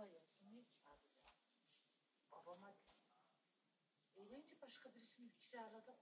Baba, Babama. Eğlence başka ta' kiraladı.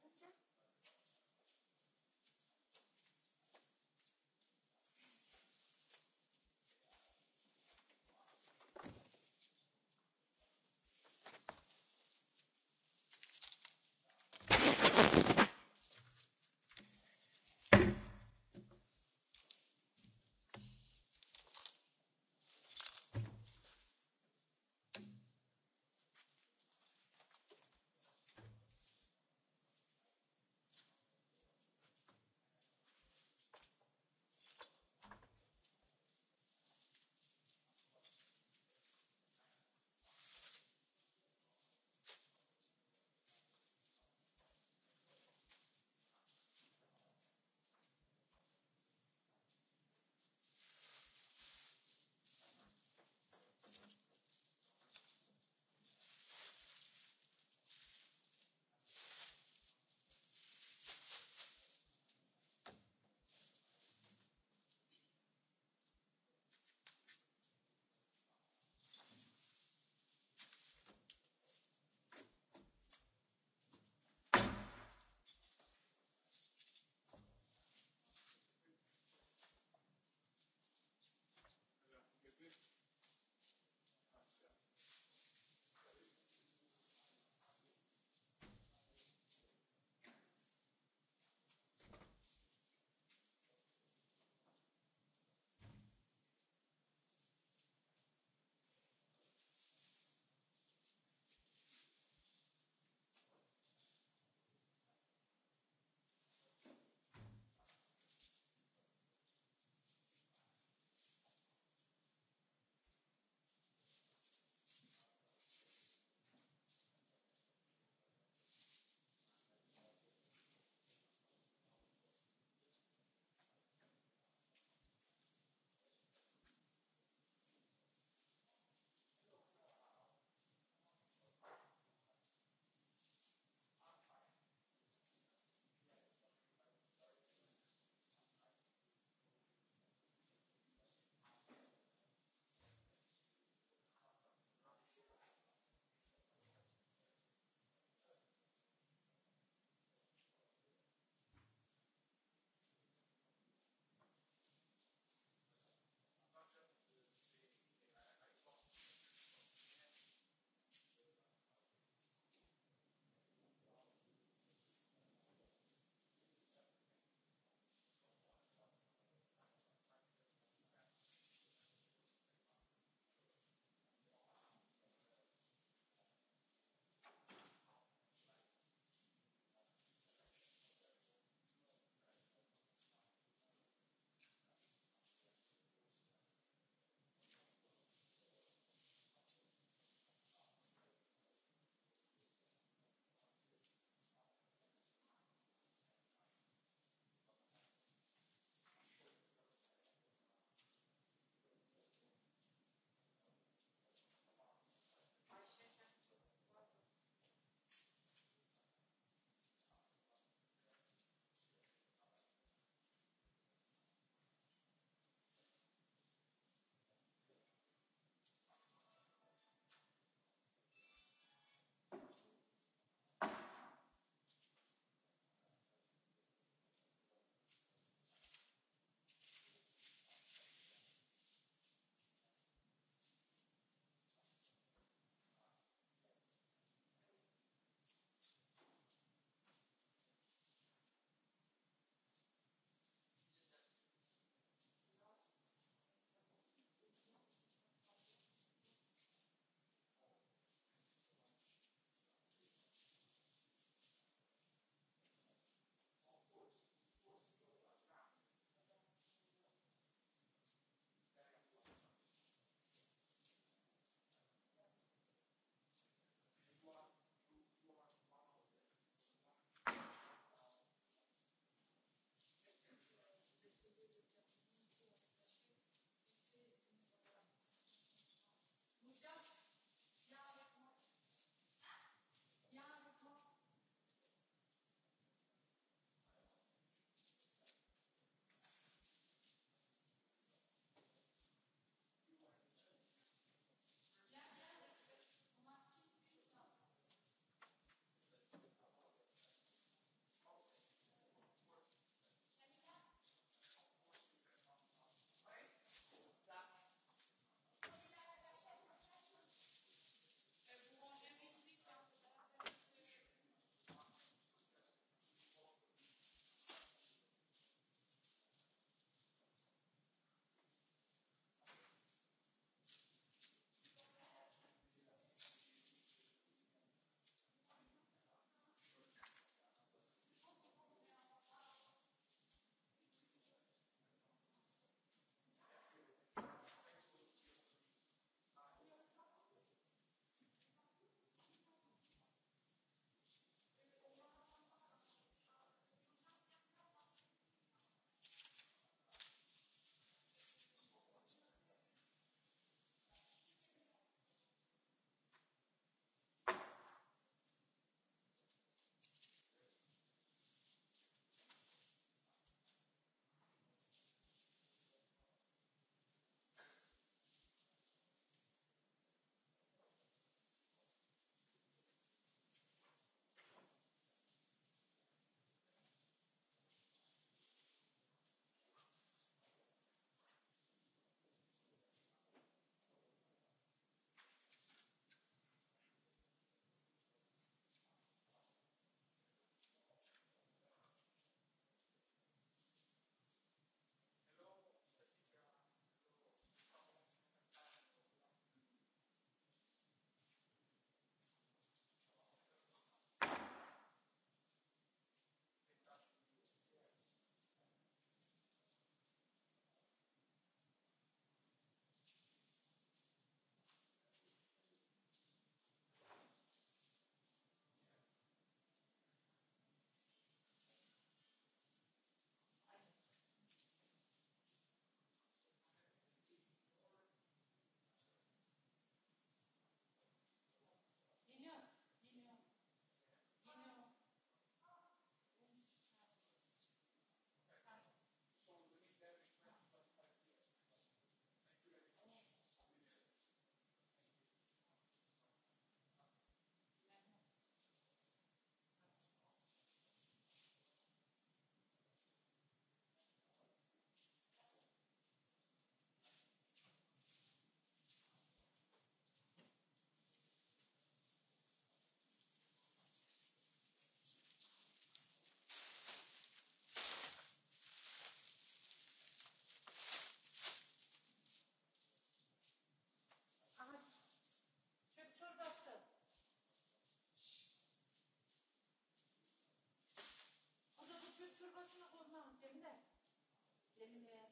in uh,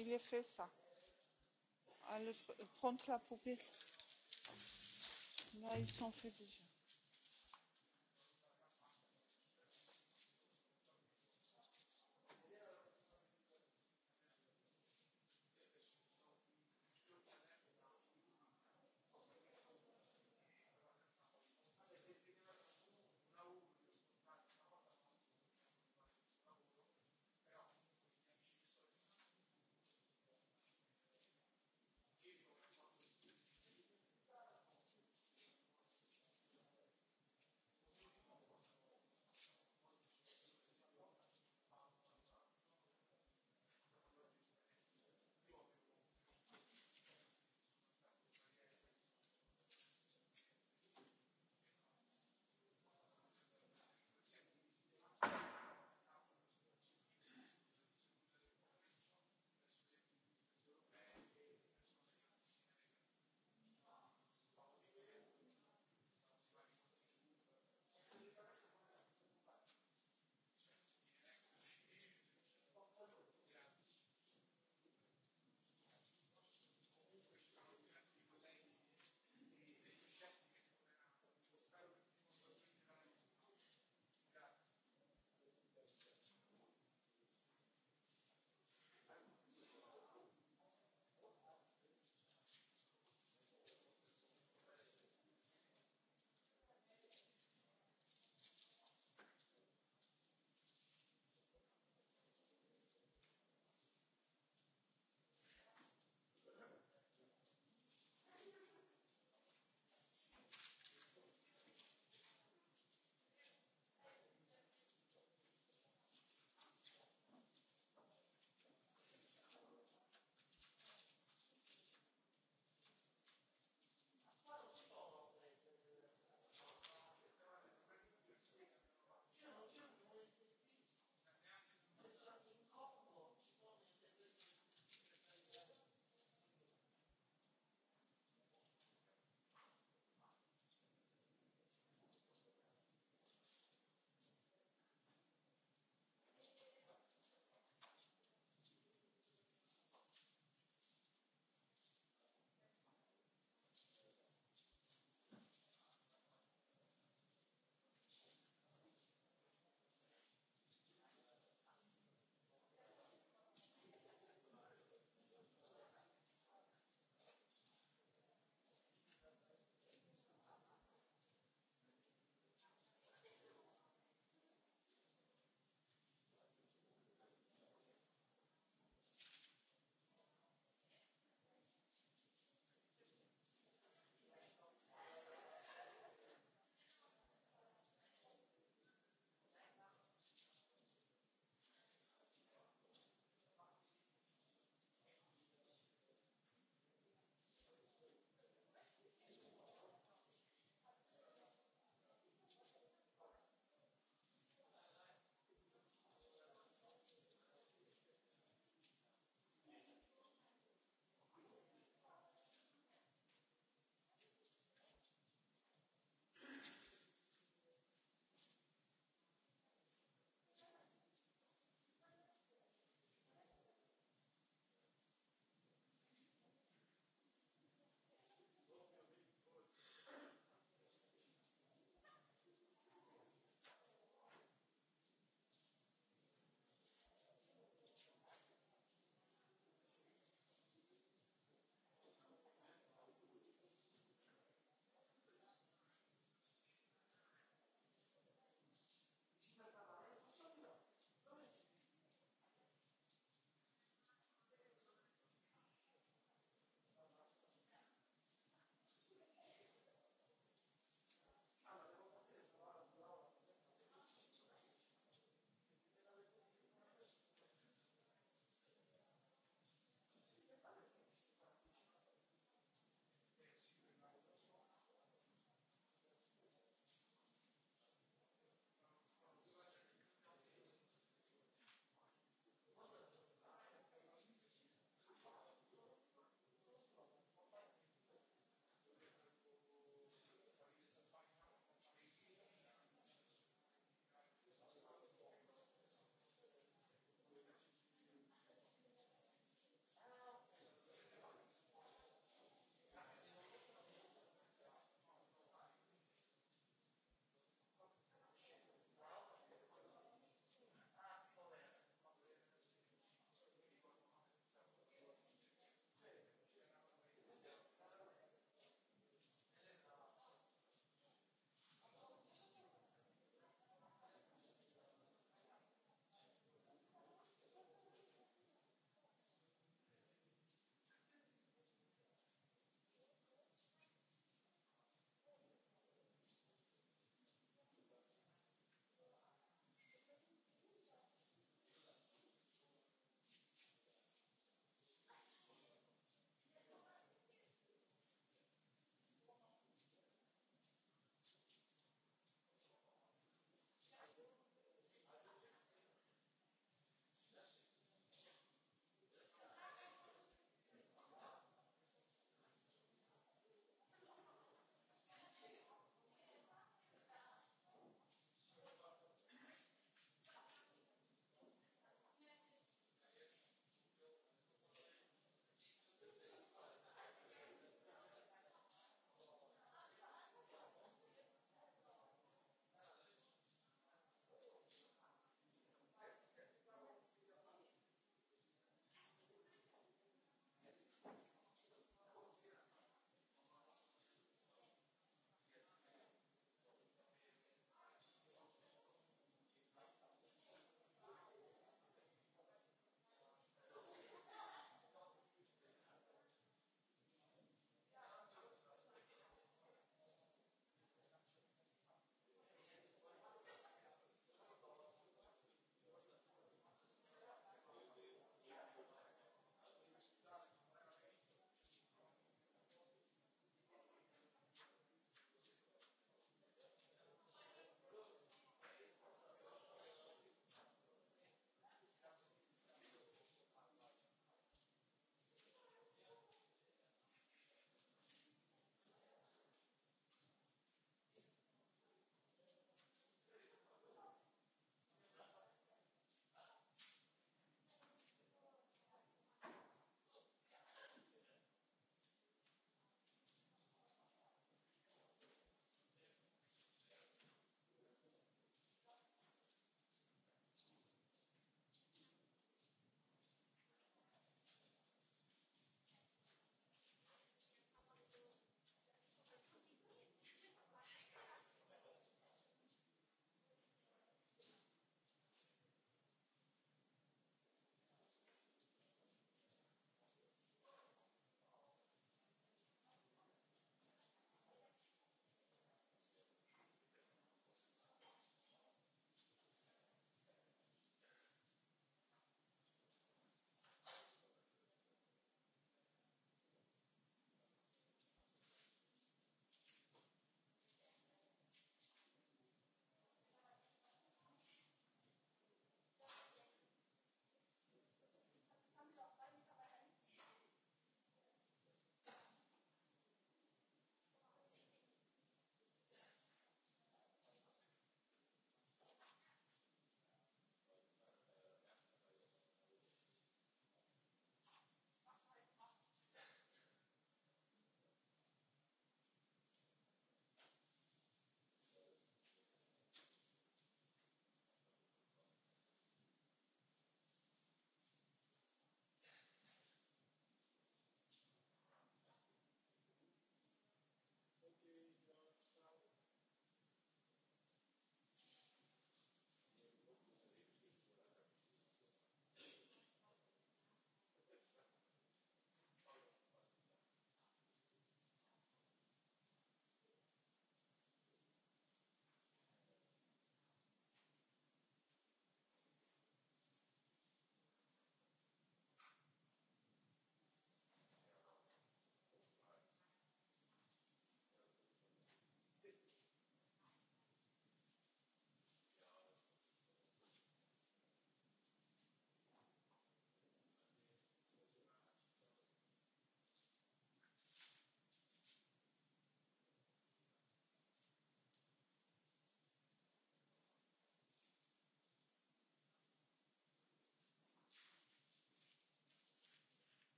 il est fait ça. Alors, ah, prendre la poubelle. Là, ils sont faits déjà.